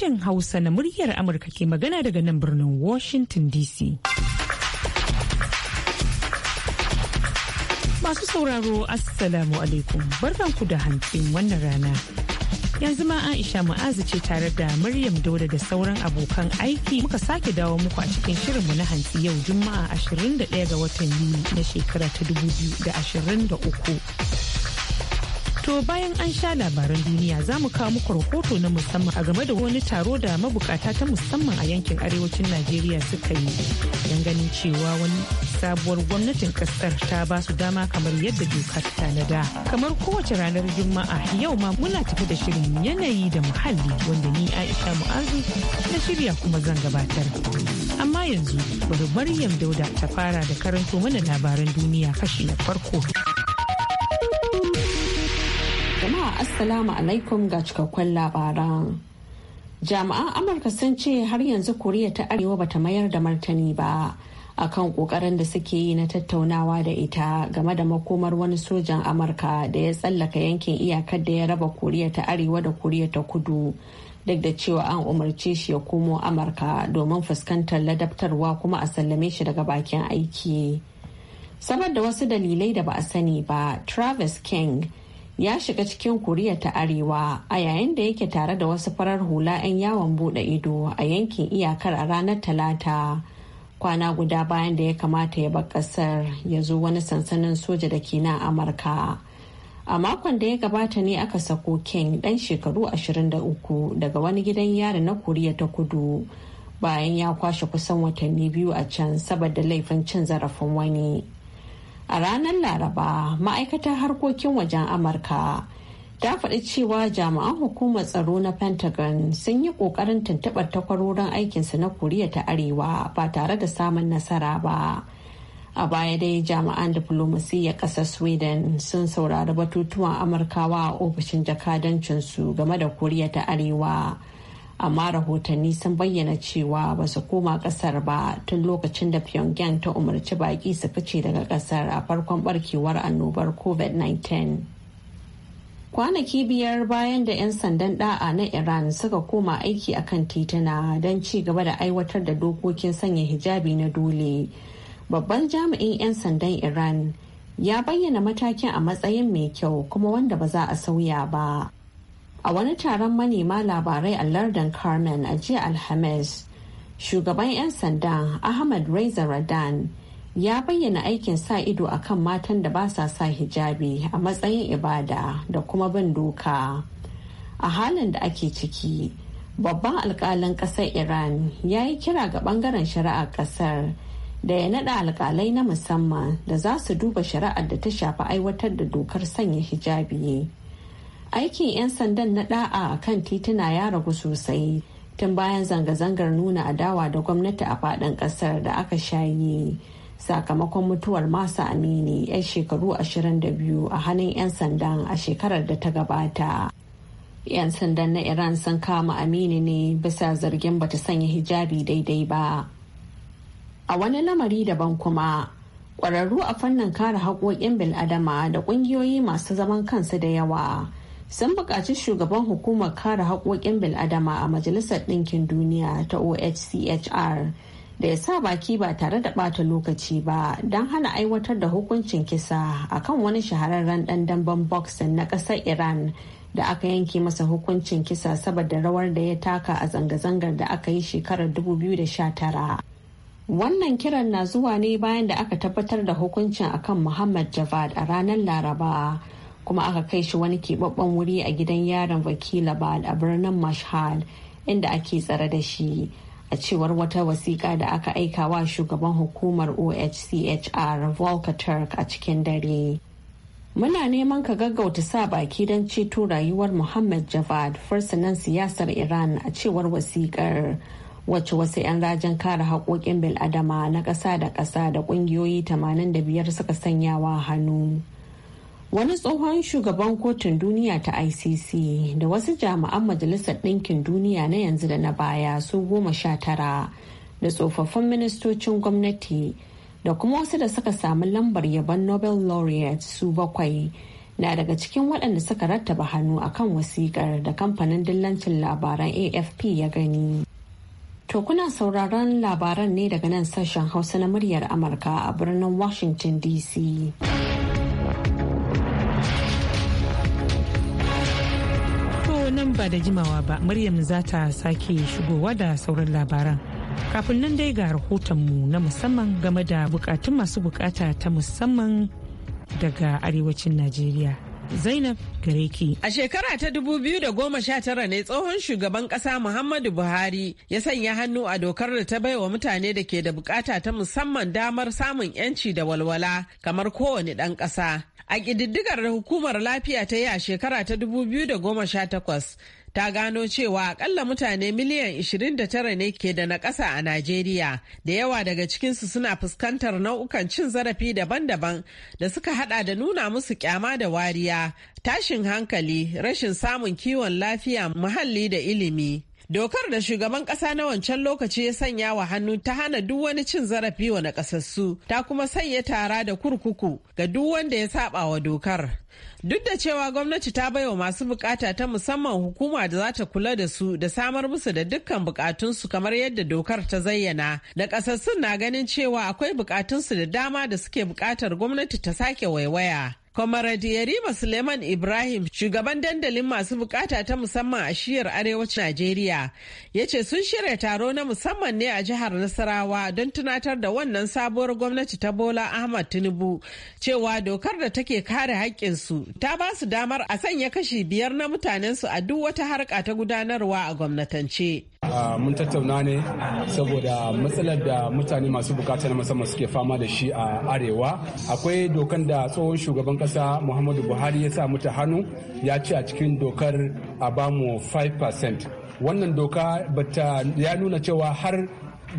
sashen Hausa na muryar Amurka ke magana daga nan birnin Washington DC. Masu sauraro Assalamu alaikum barkanku da hantsin wannan rana. Yanzu ma Aisha Ma'azu ce tare da Maryam Dauda da sauran abokan aiki muka sake dawo muku a cikin shirinmu na hantsi yau Juma'a 21 ga watan Yuli na shekara ta 2023. To bayan an sha labaran duniya za mu kawo muku rahoto na musamman a game da wani taro da mabukata ta musamman a yankin arewacin Najeriya suka yi. Don ganin cewa wani sabuwar gwamnatin kasar ta ba su dama kamar yadda dokar da. Kamar kowace ranar Juma'a yau ma muna tafi da shirin yanayi da muhalli wanda ni Aisha Mu'azu na shirya kuma zan gabatar. Amma yanzu bari Maryam Dauda ta fara da karanto mana labaran duniya kashi na farko. Assalamu alaikum ga cikakkun labaran. Jami'an Amurka sun ce har yanzu Koriya ta Arewa bata mayar da martani ba a kan kokarin da suke yi na tattaunawa da ita game da makomar wani sojan Amurka da ya tsallaka yankin iyakar da ya raba Koriya ta Arewa da Koriya ta Kudu. duk da cewa an umarce shi ya komo amurka domin fuskantar ladabtarwa kuma a sallame shi daga bakin aiki saboda wasu dalilai da ba a sani ba travis king ya shiga cikin koriya ta arewa a yayin da yake tare da wasu farar hula 'yan yawon bude ido a yankin iyakar a ranar talata kwana guda bayan da ya kamata ya bar kasar ya zo wani sansanin soja da ke na amurka a makon da ya gabata ne aka sako ken dan shekaru 23 daga wani gidan yari na koriya ta kudu bayan ya kwashe kusan watanni biyu a can saboda laifin cin zarafin wani. a ranar laraba ma'aikatar harkokin wajen amurka ta faɗi cewa jami'an hukumar tsaro na pentagon sun yi ƙoƙarin tuntuɓar takwarorin aikinsu na koriya ta arewa ba tare da samun nasara ba a baya dai jami'an ya ƙasar sweden sun saurari batutuwan amurkawa a ofishin jakadancinsu game da koriya ta arewa amma rahotanni sun bayyana cewa ba su koma kasar ba tun lokacin da pyongyang ta umarci baki su fice daga kasar a farkon barkewar annobar covid-19 kwanaki biyar bayan da 'yan sandan da'a na iran suka koma aiki a kan titina don ci gaba da aiwatar da dokokin sanya hijabi na dole babban jami'in 'yan sandan iran ya bayyana matakin a matsayin mai kyau kuma wanda ba za a sauya ba a wani taron manema labarai a lardin carmen a jiya alhamis shugaban 'yan sanda ahmad reza radan ya bayyana aikin sa ido a kan matan da ba sa sa hijabi a matsayin ibada da kuma bin doka a halin da ake ciki babban alkalin ƙasar iran ya yi kira ga ɓangaren shari'a kasar da ya naɗa alkalai na musamman da za su duba shari'ar da ta shafi aiwatar da dokar sanya hijabi aikin 'yan sandan na da'a kan tituna ya ragu sosai tun bayan zanga-zangar nuna adawa da gwamnati a faɗin ƙasar da aka shayi sakamakon mutuwar masu amini 'yan shekaru 22 a hannun 'yan sandan a shekarar da ta gabata 'yan sandan na iran sun kama amini ne bisa zargin bata sanya hijabi daidai ba a wani lamari daban kuma kwararru a fannin kare haƙoƙin bil'adama da ƙungiyoyi masu zaman kansu da yawa sun buƙaci shugaban hukumar kare haƙoƙin bil'adama a majalisar ɗinkin duniya ta ohchr da ya sa baki ba tare da ɓata lokaci ba don hana aiwatar da hukuncin kisa akan wani shahararren ɗan damben boxing na ƙasar iran da aka yanke masa hukuncin kisa saboda rawar da ya taka a zanga-zangar da aka yi shekarar 2019 wannan kiran na zuwa ne bayan da aka tabbatar da hukuncin akan muhammad javad a ranar laraba kuma aka kai shi wani keɓaɓɓen wuri a gidan yaron bal a birnin mashhal inda ake tsare da shi a cewar wata wasiƙa da aka aika wa shugaban hukumar ohchr volker turk a cikin dare muna neman ka gaggauta sa baki don ceto rayuwar muhammad javad fursunan siyasar iran a cewar wasiƙar wacce wasu 'yan rajin kare haƙoƙin bil'adama na ƙasa da ƙasa da ƙungiyoyi 85 suka sanya wa hannu. wani tsohon shugaban kotun duniya ta icc da wasu jami'an majalisar ɗinkin duniya na yanzu da na baya su goma sha tara da tsofaffin ministocin gwamnati da kuma wasu da suka samu lambar yabon nobel laureate su bakwai na daga cikin waɗanda suka rattaba hannu a kan wasiƙar da kamfanin dillancin labaran afp ya gani to kuna sauraron labaran ne daga nan sashen hausa na muryar amurka a birnin washington dc nan ba da jimawa ba Maryam za ta sake shigowa da sauran labaran. Kafin nan dai ga rahotonmu na musamman game da bukatun masu bukata ta musamman daga arewacin Najeriya. Zainab Gareki. A shekara ta dubu biyu da goma sha tara ne tsohon shugaban kasa Muhammadu Buhari ya sanya hannu a dokar da ta bai wa mutane da ke da bukata ta musamman damar samun 'yanci da walwala kamar kowane ɗan ƙasa. A ƙididdigar hukumar lafiya ta yi a shekara ta 2018 ta gano cewa akalla mutane miliyan 29 ne ke da nakasa a Najeriya, da yawa daga cikinsu suna fuskantar nau'ukan cin zarafi daban-daban da suka hada da nuna musu kyama da wariya, tashin hankali, rashin samun kiwon lafiya, muhalli da ilimi. Dokar da shugaban ƙasa na wancan lokaci ya sanya wa hannu ta hana duk wani cin zarafi wa nakasassu ta kuma sanya tara da kurkuku ga duk wanda ya saba wa dokar. Duk da cewa gwamnati ta baiwa masu bukata ta musamman hukuma da za ta kula da su da samar musu da dukkan bukatunsu kamar yadda dokar ta zayyana, da kasassun na ganin cewa akwai bukatunsu da dama da suke bukatar gwamnati ta sake waiwaya. Comrade Yarima Suleiman Ibrahim, shugaban dandalin masu bukata ta musamman a shiyar arewacin Najeriya, ya ce sun shirya taro na musamman ne a jihar Nasarawa don tunatar da wannan sabuwar gwamnati ta Bola Ahmad Tinubu, cewa dokar da take kare haƙƙinsu ta ba su damar a sanya kashi biyar na mutanensu a duk wata harka ta gudanarwa a gwamnatance. mun tattauna ne saboda matsalar da mutane masu bukata na musamman suke fama da shi a arewa akwai dokan da tsohon shugaban ƙasa muhammadu buhari ya sa mata hannu ya ce a cikin dokar a bamu 5% wannan doka bata ya nuna cewa har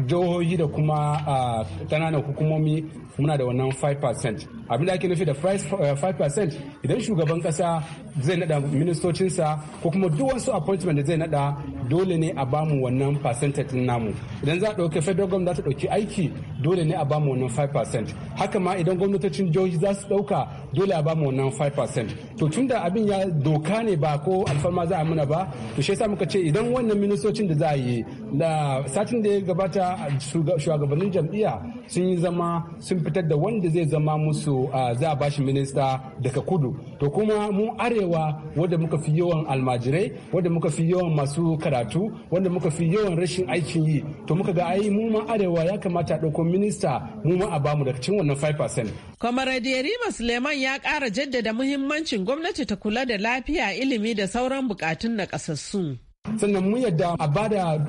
jihohi da kuma kananan ah, hukumomi muna da wannan 5% abin da ake nufi da 5% eh, idan shugaban kasa zai nada ministocinsa ko kuma duk wasu appointment da zai nada dole ne a bamu wannan percentage namu idan za a dauke federal government za ta dauki aiki dole ne a bamu wannan 5% haka ma idan gwamnatocin jihohi za su dauka dole a bamu wannan 5% to tunda abin ya doka ne ba ko alfarma za a muna ba to shi yasa muka ce idan wannan ministocin da za a yi da satin da ya gabata shugabannin jam'iyya sun yi zama sun sun fitar da wanda zai zama musu za a bashi minista daga kudu to kuma mu arewa wanda muka fi yawan almajirai wanda muka fi yawan masu karatu wanda muka fi yawan rashin aikin yi to muka ga ai mu ma arewa ya kamata dauko minista mu ma a bamu daga cin wannan 5%. kamaradi yarima Suleiman ya ƙara jaddada muhimmancin gwamnati ta kula da lafiya ilimi da sauran bukatun na ƙasassu. sannan mun yadda a ba bada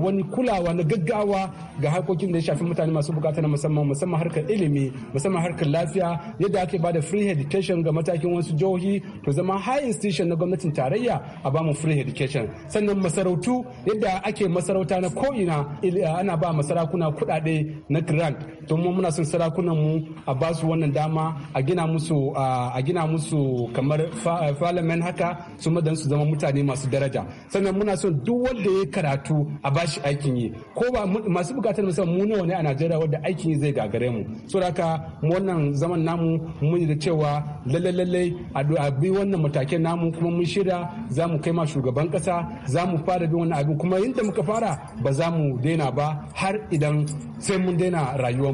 wani kulawa na gaggawa ga harkokin da ya shafi mutane masu bukata na musamman musamman harkar ilimi musamman harkar lafiya yadda ake bada free education ga matakin wasu jihohi to zama high institution na gwamnatin tarayya a bamu free education sannan masarautu yadda ake masarauta na ko'ina ana ba masarakuna kuɗaɗe na grant to mu muna son sarakunan mu a ba su wannan dama a gina musu a gina musu kamar parliament haka su madan su zama mutane masu daraja sannan nan muna son duk wanda ya karatu a bashi aikin yi ko ba masu bukatar musamman mu nawa ne a Najeriya wanda aikin yi zai gagare mu so haka wannan zaman namu mun yi da cewa lalle lalle a bi wannan matakin namu kuma mun shirya za mu kai ma shugaban kasa za mu fara bin wannan abin kuma yadda muka fara ba za mu daina ba har idan sai mun daina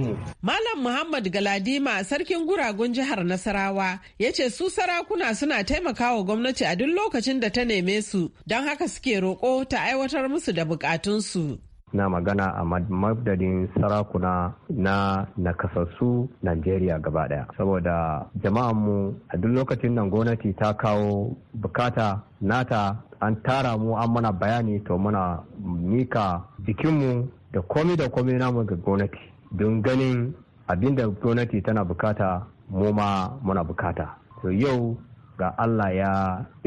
mu. Malam Muhammad Galadima sarkin guragun jihar Nasarawa ya ce su sarakuna suna taimakawa gwamnati a duk lokacin da ta neme su don haka suke suke roƙo ta aiwatar musu da bukatunsu. na magana a madadin sarakuna na nakasassu Najeriya gaba daya saboda jama'anmu a duk lokacin nan gwamnati ta kawo bukata nata an tara mu an mana bayani to muna mika jikinmu da komi da komi namu ga gwamnati don ganin abinda gwamnati tana bukata mu ma muna bukata to yau ga Allah ya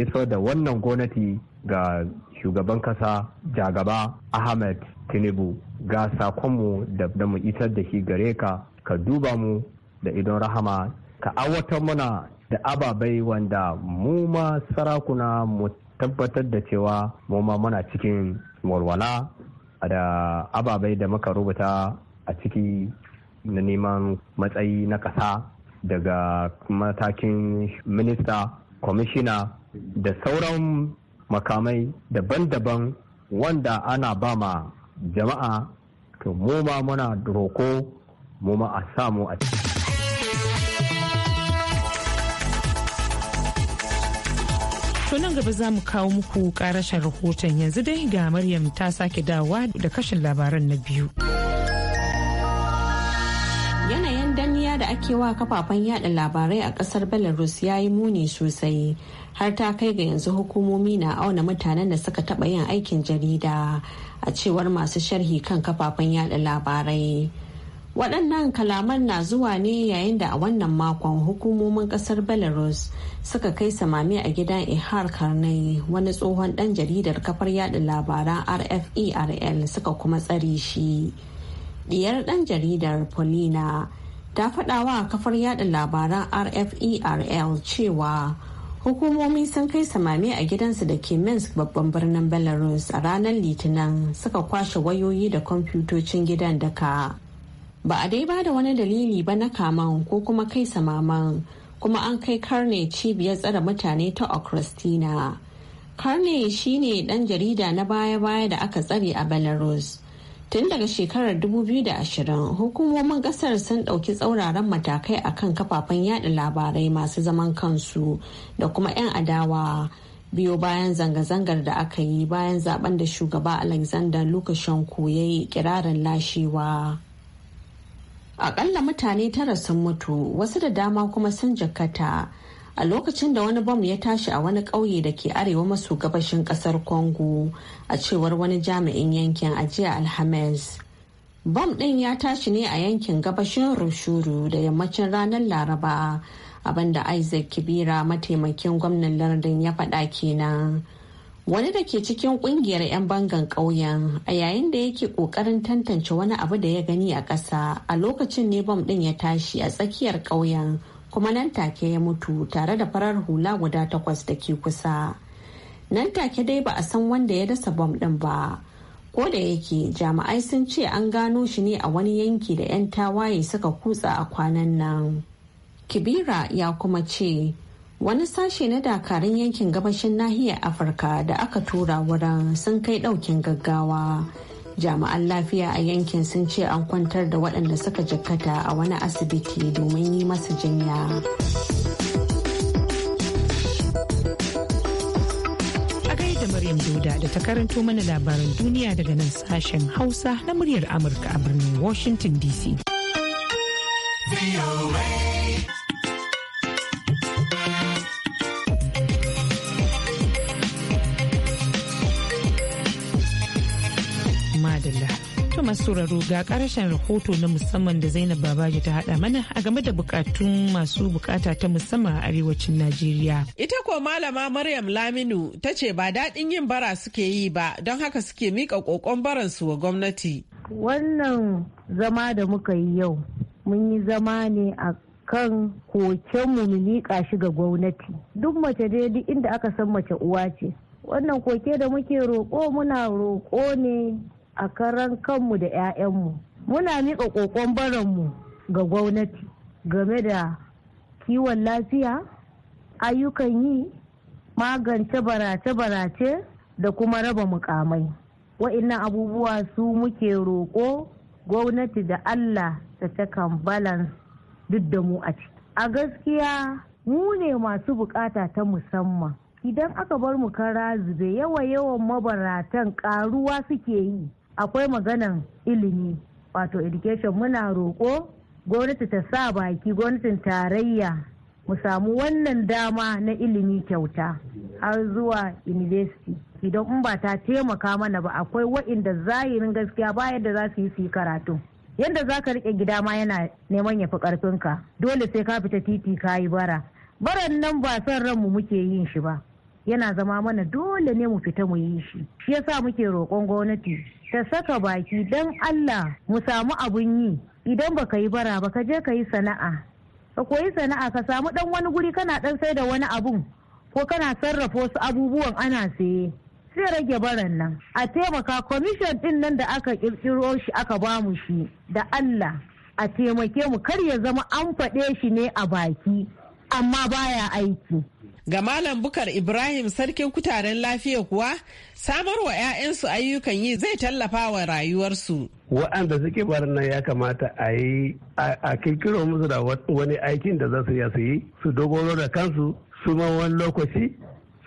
iso da wannan gwamnati ga shugaban kasa jagaba Ahmed Tinubu ga sakonmu da, da mu isar da shi gare ka ka duba mu da idon rahama ka awatar muna da ababai wanda mu ma sarakuna mu tabbatar da cewa mu ma muna cikin walwala da ababai da muka rubuta a ciki na neman matsayi na ƙasa daga matakin minista kwamishina da sauran makamai daban-daban wanda ana ba ma jama'a to mu ma muna roko mu ma a samu a ciki. nan gaba za mu kawo muku karashen rahoton yanzu dai ga Maryam ta sake dawa da kashin labaran na biyu. barkewa kafafen yada labarai a kasar belarus ya yi muni sosai har ta kai ga yanzu hukumomi na auna mutanen da suka taba yin aikin jarida a cewar masu sharhi kan kafafen yada labarai waɗannan kalaman na zuwa ne yayin da a wannan makon hukumomin ƙasar belarus suka kai samami a gidan ihar karnai wani tsohon ɗan jaridar kafar yada labaran rferl suka kuma tsare shi diyar ɗan jaridar polina ta faɗawa kafar yada labaran rferl cewa hukumomi sun kai samame a gidansu da ke minsk babban birnin belarus a ranar litinin suka kwashe wayoyi da kwamfutocin gidan daka ba a dai ba da wani dalili ba na kaman ko kuma kai samaman kuma an kai karne cibiyar tsare mutane ta okristina karne shine dan jarida na baya-baya da aka tsare a belarus tun daga shekarar 2020 hukumomin kasar sun ɗauki tsauraran matakai akan kafafen yada labarai masu zaman kansu da kuma 'yan adawa biyo bayan zanga-zangar da aka yi bayan zaben da shugaba alexander lukashenko ya yi kirarin lashewa akalla mutane tara sun mutu wasu da dama kuma sun jakata a lokacin da wani bom ya tashi a wani ƙauye da ke arewa maso gabashin ƙasar congo a cewar wani jami'in yankin ajiya alhamis bom ɗin ya tashi ne a yankin gabashin rushuru da yammacin ranar laraba abinda isaac kibira mataimakin gwamnan lardin ya faɗa kenan wani da ke cikin ƙungiyar 'yan bangan ƙauyen a yayin da yake ƙoƙarin tantance wani abu da ya gani a ƙasa a lokacin ne bom ɗin ya tashi a tsakiyar ƙauyen kuma nan take ya mutu tare da farar hula guda takwas da ke kusa nan take dai ba a san wanda ya dasa bom ɗin ba ko da yake jami'ai sun ce an gano shi ne a wani yanki da 'yan tawaye suka kutsa a kwanan nan kibira ya kuma ce wani sashe na dakarun yankin gabashin nahiyar afirka da aka tura wurin sun kai ɗaukin gaggawa jami'an lafiya a yankin sun ce an kwantar da waɗanda suka jakkata a wani asibiti domin yi masu jinya Maryam doda da ta karanto mana labaran duniya daga nan sashen Hausa na muryar Amurka a birnin Washington DC. masu ga karashen rahoto na musamman da Zainab Babaji ta hada mana a game da bukatun masu bukata ta musamman a arewacin Najeriya. Ita ko malama Maryam Laminu ta ce ba daɗin yin bara suke yi ba don haka suke mika kokon baransu wa gwamnati. Wannan zama da muka yi yau mun yi zama ne a kan kokenmu mu miƙa shi ga gwamnati. Duk mace dai duk inda aka san mace uwa ce. Wannan koke da muke roƙo muna roƙo ne a karan kanmu da 'ya'yanmu muna miƙa ƙoƙon baranmu ga gwamnati game da kiwon lafiya ayyukan yi magance barace-barace da kuma raba mukamai wa'innan abubuwa su muke roƙo gwamnati da allah ta takan balan duk da mu a ciki a gaskiya mu ne masu bukata ta musamman idan aka bar mu kara zube yawa yawan mabaratan karuwa suke yi akwai maganan ilimi wato education muna roƙo gwamnati ta sa baki gwamnatin tarayya mu samu wannan dama na ilimi kyauta har zuwa university idan in ba ta taimaka mana ba akwai wa'inda zahirin gaskiya ba yadda za su yi su yi karatu yadda za ka rike gida ma yana neman ya fi karfinka dole sai ka fita titi ka yi bara baran nan ba son ranmu muke yin shi ba yana zama mana dole ne mu fita mu yi shi shi yasa muke roƙon gwamnati ta saka baki don allah mu samu abun yi idan baka yi bara ba ka je ka yi sana'a ka koyi sana'a ka samu dan wani guri kana dan sai da wani abun ko kana sarrafa wasu abubuwan ana saye sai rage baran nan a taimaka kwamishin din nan da aka kirkiro shi aka bamu shi da allah a taimake mu kar ya zama an faɗe shi ne a baki amma baya aiki Ga Malam Bukar Ibrahim Sarkin Kutaren Lafiya kuwa, samar wa 'ya'yansu ayyukan yi zai tallafa wa rayuwarsu. Wa'anda suke bar nan ya kamata a yi a kirkiro musu da wani aikin da za su yi su yi, su dogoro da kansu, su ma wani lokaci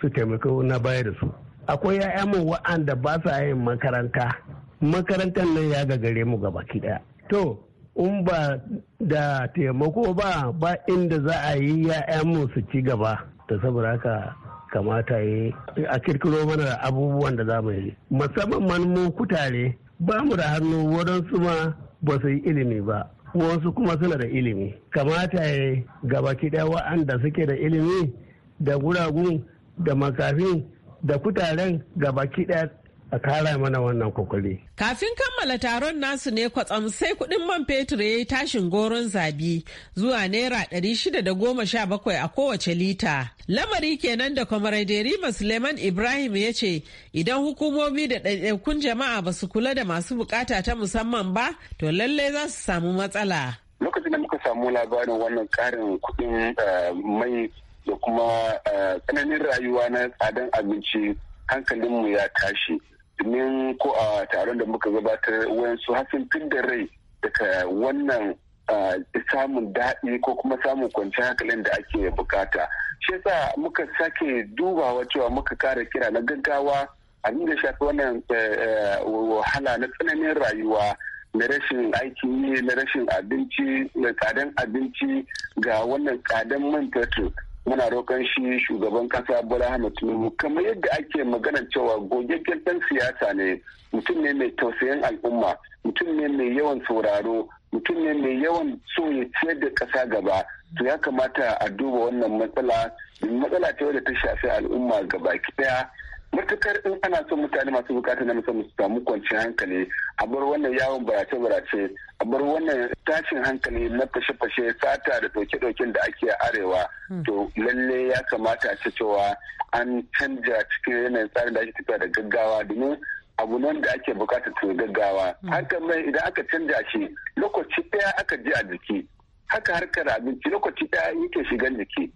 su taimako na baya da su. Akwai 'ya'yanmu wa'anda ba sa yin makaranta. Makarantar nan ya gagare mu gaba ɗaya. To, in ba da taimako ba ba inda za a yi mu su ci gaba da saboda haka kamata yi a kirkiro mana abubuwan da za mu yi musamman mu kutare ba mu da hannu waɗansu ma ba su yi ilimi ba wasu kuma suna da ilimi kamata ya gaba kiɗa wa'anda suke da ilimi da guragun da makafin da kutaren gaba kiɗa a kara mana wannan kokari. Kafin kammala taron nasu ne kwatsam sai kuɗin man fetur ya yi tashin goron zabi zuwa naira ɗari shida da goma sha bakwai a kowace lita. Lamari kenan da kwamaraderi Suleiman Ibrahim ya ce idan hukumomi da ɗaiɗaikun jama'a ba su kula da masu bukata ta musamman ba to lallai za su samu matsala. Lokacin da muka samu labarin wannan ƙarin kuɗin eh, mai da kuma eh, tsananin rayuwa na tsadan abinci hankalinmu ya tashi. domin ko a taron da muka gabatar wayansu hasin tun da rai daga wannan samun daɗi ko kuma samun kwanciyar hankalin da ake bukata shi yasa muka sake dubawa cewa muka kara kira na gaggawa a da shafi wannan eh, eh, wahala na tsananin rayuwa na rashin aikin na rashin abinci na tsadan abinci ga wannan tsadan man muna roƙon shi shugaban ƙasa bola ahmed tinubu kamar yadda ake maganar cewa gogaggen dan siyasa ne mutum ne mai tausayin al'umma mutum ne mai yawan sauraro mutum ne mai yawan so ya ciyar da ƙasa gaba to ya kamata a duba wannan matsala matsala ce wadda ta shafi al'umma gaba ɗaya matukar in ana son mutane masu bukata na musamman su samu kwanciyar hankali a bar wannan yawon barace-barace a bar wannan tashin hankali na fashe-fashe sata da doke ɗauken da ake arewa hmm. to lalle ya kamata ce cewa an canja cikin yanayin tsarin da ake tafiya da gaggawa domin abu hmm. nan da ake bukata to gaggawa hankali mai idan aka canja shi lokaci ɗaya aka ji a jiki haka harkar abinci lokaci daya yake shigan jiki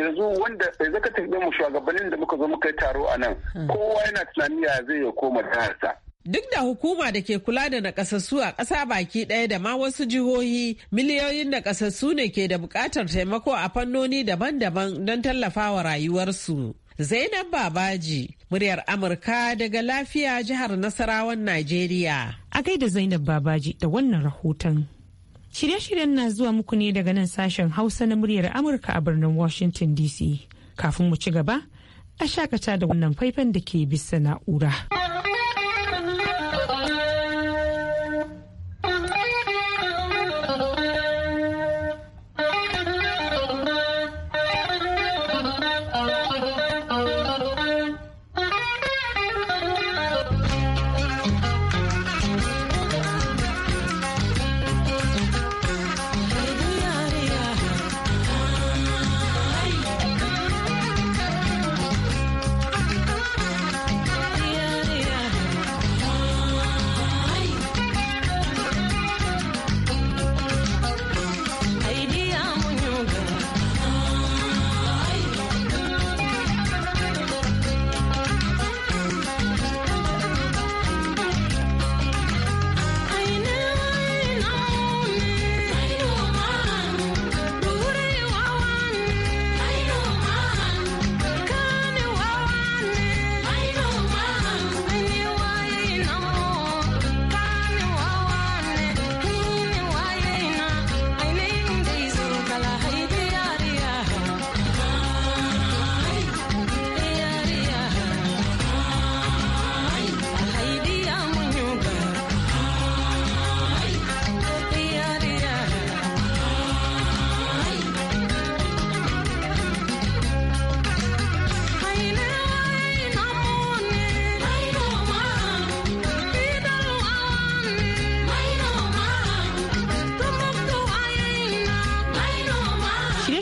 yanzu eh, wanda zaka tafi mu shugabannin da muka zo muka yi taro a nan hmm. kowa yana tunani ya zai ya koma jiharsa Duk da hukuma da ke kula da nakasassu a ƙasa baki ɗaya da ma wasu jihohi, miliyoyin nakasassu ne ke da buƙatar taimako a fannoni daban-daban don tallafawa rayuwarsu. Zainab Babaji, muryar Amurka daga lafiya jihar Nasarawan Najeriya. A da Zainab Babaji da wannan rahoton. Shirye-shiryen na zuwa muku ne daga nan sashen Hausa na muryar Amurka a birnin Washington DC. Kafin mu ci gaba, a shakata da wannan faifan da ke bisa na'ura.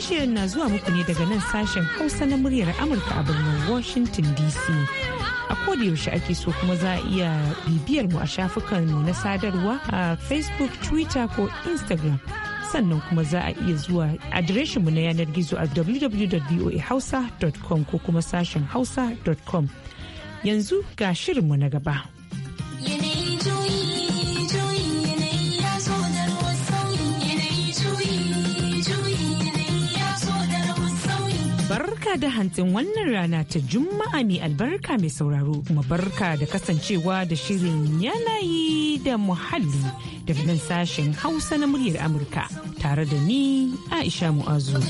shirin na zuwa muku ne daga nan sashen Hausa na muryar Amurka a birnin Washington DC. A yaushe ake so kuma za a iya bibiyar mu a shafukan mu na sadarwa a Facebook, Twitter ko Instagram. sannan kuma za a iya zuwa mu na yanar gizo a www.voahausa.com ko kuma sashen hausa.com. Yanzu ga shirin mu na gaba. da hantsin wannan rana ta Juma'a mai albarka mai sauraro kuma barka da kasancewa da shirin yanayi da muhalli da nan sashen Hausa na muryar Amurka tare da ni Aisha Mu'azu.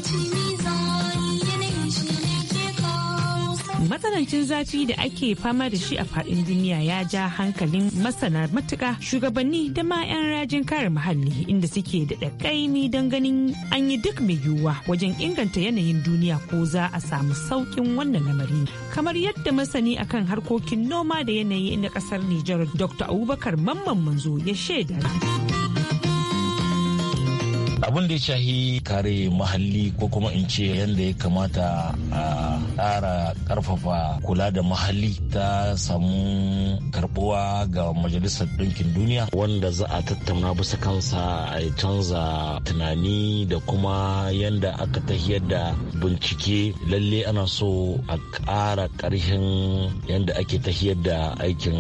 matsanancin zafi da ake fama da shi a faɗin duniya ya ja hankalin masana matuka shugabanni da ma 'yan rajin kare muhalli inda suke da ƙaimi don ganin an yi duk mai yiwuwa wajen inganta yanayin duniya ko za a samu sauƙin wannan lamari kamar yadda masani akan harkokin noma da yanayi na ƙasar Nijar Dr. Abubakar Mamman Manzo ya shaida. abin da ya shahi kare muhalli ko kuma in ce yadda ya kamata a ƙara ƙarfafa kula da muhalli ta samu karbuwa ga majalisar ɗinkin duniya wanda za a tattauna bisa kansa a canza tunani da kuma yadda aka tahiyar da bincike lalle ana so a ƙara ƙarfin yadda ake tahiyar da aikin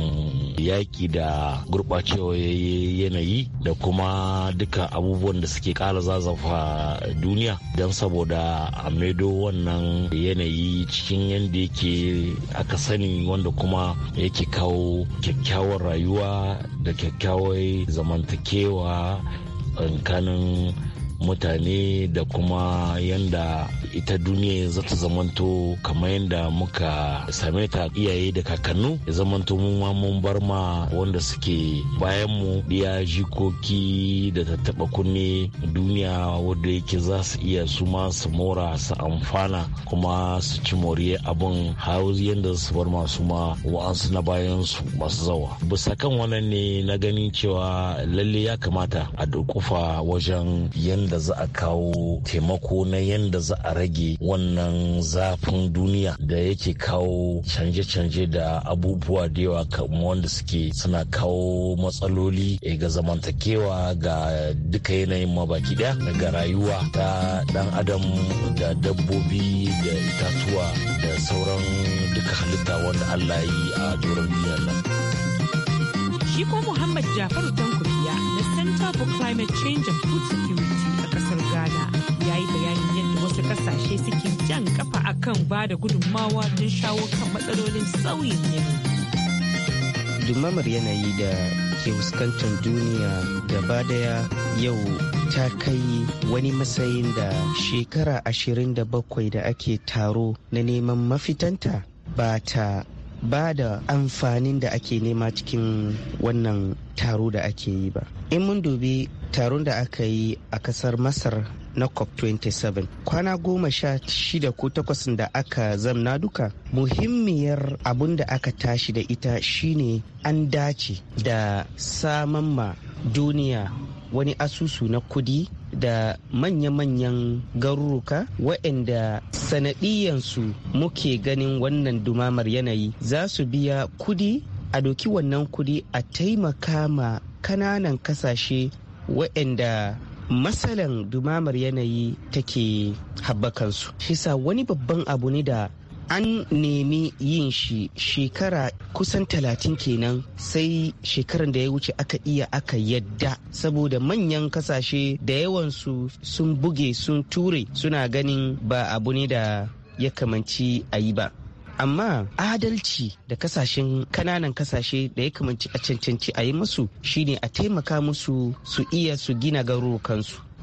yaƙi da gurɓacewar yanayi da kuma duka abubuwan da suke kara zazafa duniya don saboda a medo wannan yanayi cikin yadda yake aka sani wanda kuma yake kawo kyakkyawar rayuwa da kyakkyawar zamantakewa tsakanin mutane da kuma yanda ita duniya za ta zamanto kamar yanda muka same ta iyaye da kakannu ya zamanto mun ma mun bar ma wanda suke bayan mu diya jikoki da taba kunne duniya wadda yake za su iya su ma su mora su amfana kuma su ci moriye abin hauzi yanda su bar masu ma wa'ansu na bayan su masu zawa bisa kan wannan ne na ganin cewa lalle ya kamata a dokufa wajen yanda yadda za a kawo taimako na yadda za a rage wannan zafin duniya da yake kawo canje-canje da abubuwa da yawa wanda suke suna kawo matsaloli ga zamantakewa ga duka yanayin mabaki daya daga rayuwa ta dan adam da dabbobi da itatuwa da sauran duka halitta wanda allah yi a doron duniyar nan shi ko muhammad jafaru Tankuriya na center for climate change and food security rana ya yi bayanin yadda wasu kasashe suke jan kafa akan ba da gudunmawa don shawo kan matsalolin sauyin yanayi. Dumamar yanayi da ke fuskantar duniya gaba daya yau ta kai wani matsayin da shekara ashirin da bakwai da ake taro na neman mafitanta ba ta ba da amfanin da ake nema cikin wannan taro da ake yi ba in mun dubi taron da aka yi a kasar masar na cop 27 kwana goma sha shida ko takwas da aka zamna duka muhimmiyar abun da aka tashi da ita shine an dace da saman ma duniya wani asusu na kudi da manya-manyan garuruka waɗanda sanadiyansu muke ganin wannan dumamar yanayi za su biya kudi a doki wannan kudi a taimaka ma kananan kasashe waɗanda matsalan dumamar yanayi take habbakansu shisa wani babban abu ne da an nemi yin shi shekara kusan talatin kenan sai shekarar da ya wuce aka iya aka yadda saboda manyan kasashe da yawansu sun buge sun ture suna ganin ba abu ne da ya kamanci a yi ba amma adalci da kasashen kananan kasashe da ya kamanci a cancanci a yi musu shine a taimaka musu su iya su gina garo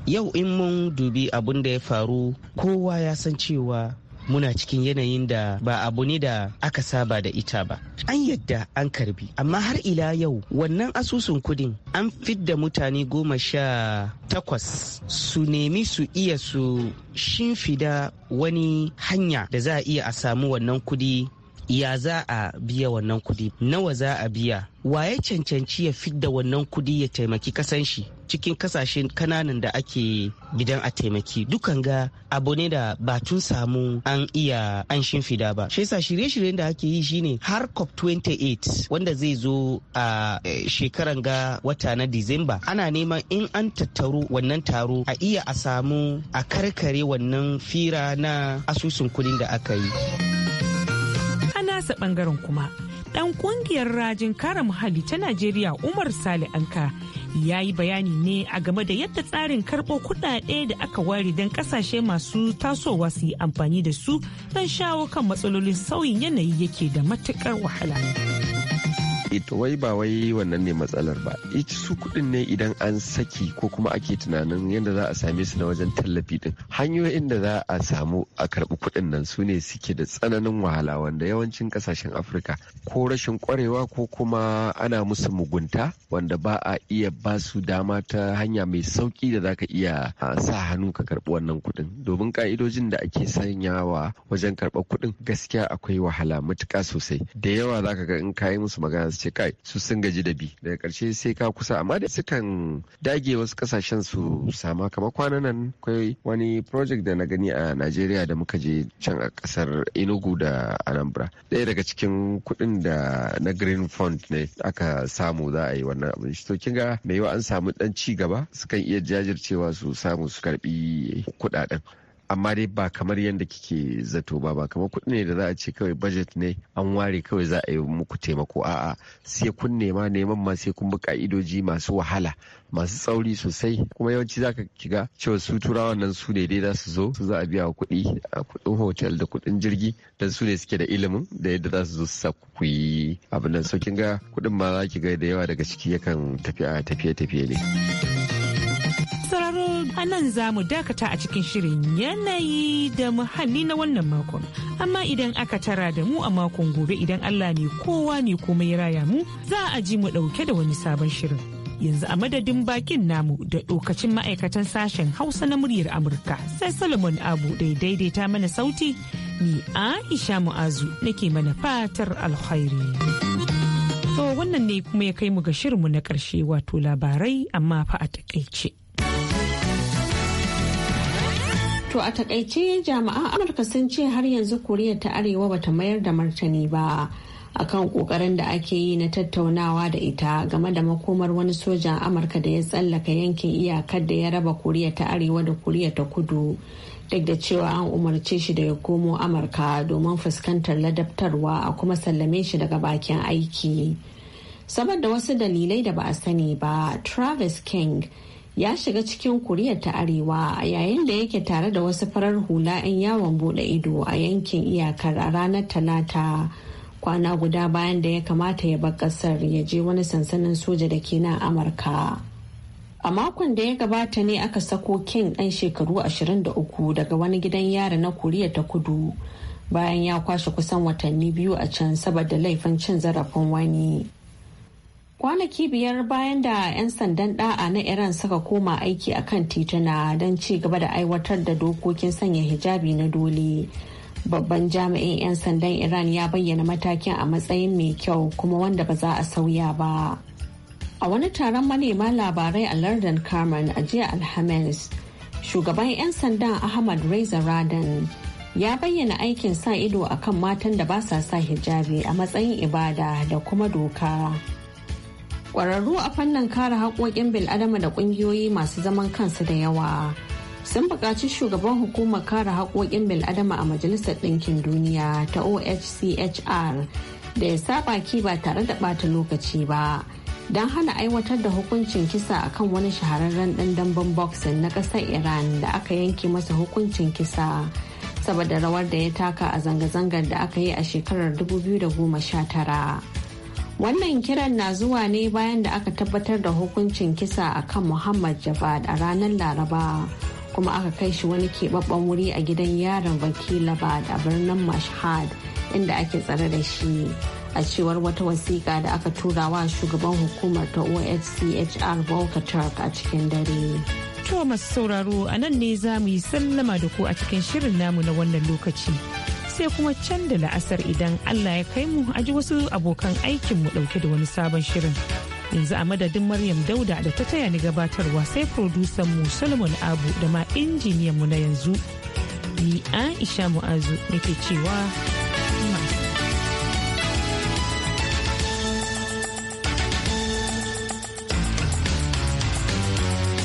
yau in mun dubi abin da ya faru kowa ya san cewa muna cikin yanayin da ba abu ne da aka saba da ita ba an yadda an karbi amma har ila yau wannan asusun kudin an fidda mutane goma sha takwas su nemi su iya su shimfida wani hanya da za a iya a samu wannan kudi ya za a biya wannan kudi nawa za a biya waye cancanci ya fidda wannan kudi ya taimaki kasan shi cikin kasashen kananan da ake gidan a taimaki dukan ga abu ne da ba tun samu an iya an shimfida ba shi yasa shirye-shiryen da ake yi shine har cop 28 wanda zai zo a eh, shekaran ga wata na disamba ana neman in an tattaru wannan taro a iya a samu a karkare wannan fira na asusun kudin da aka yi. nasa bangaren kuma dan kungiyar rajin kare muhalli ta Najeriya Umar Sale Anka ya yi bayani ne a game da yadda tsarin karɓo kuɗaɗe da aka ware don ƙasashe masu tasowa su yi amfani da su don shawo kan matsalolin sauyin yanayi yake da matukar wahala. Eh to wai ba wai wannan ne matsalar ba ita su kuɗin ne idan an saki ko kuma ake tunanin yadda za a same su na wajen tallafi din hanyoyin da za a samu a karbi kuɗin nan su ne suke da tsananin wahala wanda yawancin kasashen afirka ko rashin kwarewa ko kuma ana musu mugunta wanda ba a iya ba su dama ta hanya mai sauƙi da za ka iya sa hannu ka karbi wannan kuɗin domin ƙa'idojin da ake sanyawa wajen karɓar kuɗin gaskiya akwai wahala matuka sosai da yawa za ka ga in ka yi musu magana su sai su sun gaji da bi daga karshe sai ka kusa amma da sukan dage wasu kasashen su sama kamar kwanan nan akwai wani project da na gani a Najeriya da muka je can a kasar Enugu da Anambra ɗaya daga cikin kuɗin da na Green Fund ne aka samu za a yi wannan abin shi to kinga mai yawa an samu ɗan ci gaba sukan iya jajircewa su samu su karɓi kuɗaɗen amma dai ba kamar yadda kike zato ba ba kamar kuɗi ne da za a ce kawai budget ne an ware kawai za a yi muku taimako a'a sai kun nema neman ma sai kun bi ka'idoji masu wahala masu tsauri sosai kuma yawanci zaka kiga cewa su turawan nan su ne dai za su zo su za a biya kuɗi a kuɗin hotel da kuɗin jirgi dan su ne suke da ilimin da yadda za su zo su sa ku yi abin nan so kin ga kuɗin ma za ki ga da yawa daga ciki yakan tafiya tafiye-tafiye ne. nan za mu dakata a cikin shirin yanayi da muhalli na wannan makon. Amma idan aka tara da mu a makon gobe idan Allah ne kowa ne komai ya raya mu za a ji mu ɗauke da wani sabon shirin. Yanzu a madadin bakin namu da ɗokacin ma'aikatan sashen Hausa na muryar Amurka sai Solomon Abu da daidaita mana sauti ni Aisha Mu'azu nake mana fatar alkhairi. To wannan ne kuma ya kai mu ga shirinmu na ƙarshe wato labarai amma fa a takaice. To a takaice jami'an Amurka sun ce har yanzu Koriya ta Arewa bata mayar da martani ba akan kokarin da ake yi na tattaunawa da ita game da makomar wani sojan Amurka da ya tsallaka yankin iyakar da ya raba Koriya ta Arewa da Koriya ta Kudu duk da cewa an umarce shi da ya komo Amurka domin fuskantar ladabtarwa a kuma sallame shi daga bakin aiki. Saboda wasu dalilai da ba a sani ba, Travis King ya shiga cikin koriya ta arewa yayin da yake tare da wasu farar hula 'yan yawon bude ido a yankin iyakar a ranar talata kwana guda bayan da ya kamata ya bar kasar ya je wani sansanin soja da ke nan amurka a makon da ya gabata ne aka sako kin ɗan shekaru 23 daga wani gidan yari na koriya ta kudu bayan ya kwashe kusan watanni biyu a can saboda laifin cin zarafin wani kwanaki biyar bayan da 'yan sandan da'a na iran suka koma aiki a kan tituna don ci gaba da aiwatar da dokokin sanya hijabi na dole babban jami'in 'yan sandan iran ya bayyana matakin a matsayin mai kyau kuma wanda ba za a sauya ba a wani taron manema labarai a lardin carmen a jiya alhamis shugaban 'yan sandan ahmad reza radan ya bayyana aikin sa ido akan matan da ba sa sa hijabi a matsayin ibada da kuma doka. kwararru a fannin kare haƙoƙin bil'adama da ƙungiyoyi masu zaman kansu da yawa sun buƙaci shugaban hukumar kare haƙoƙin bil'adama a Majalisar Ɗinkin Duniya ta OHCHR da ya saba ki ba tare da bata lokaci ba. don hana aiwatar da hukuncin kisa a kan wani shahararren ɗan damben boxing na ƙasar iran da aka yanke masa hukuncin kisa saboda rawar da ya taka a zanga-zangar da aka yi a shekarar 2019 Wannan kiran na zuwa ne bayan da aka tabbatar da hukuncin kisa a kan Muhammad Javad a ranar Laraba. kuma aka kai shi wani keɓaɓɓen wuri a gidan yaron bakilabad a birnin mashhad inda ake tsare da shi a cewar wata wasiƙa da aka tura wa shugaban hukumar ta ohchr volker turk a cikin dare to masu sauraro a nan ne za mu yi sallama da ku a cikin shirin namu na wannan lokaci sai kuma can da la'asar idan Allah ya kai mu a ji wasu abokan aikinmu mu dauke da wani sabon shirin. Yanzu a madadin Maryam Dauda da ta taya ni gabatarwa sai producer mu Solomon Abu da ma injiniyanmu na yanzu. Ni Aisha Mu'azu nake cewa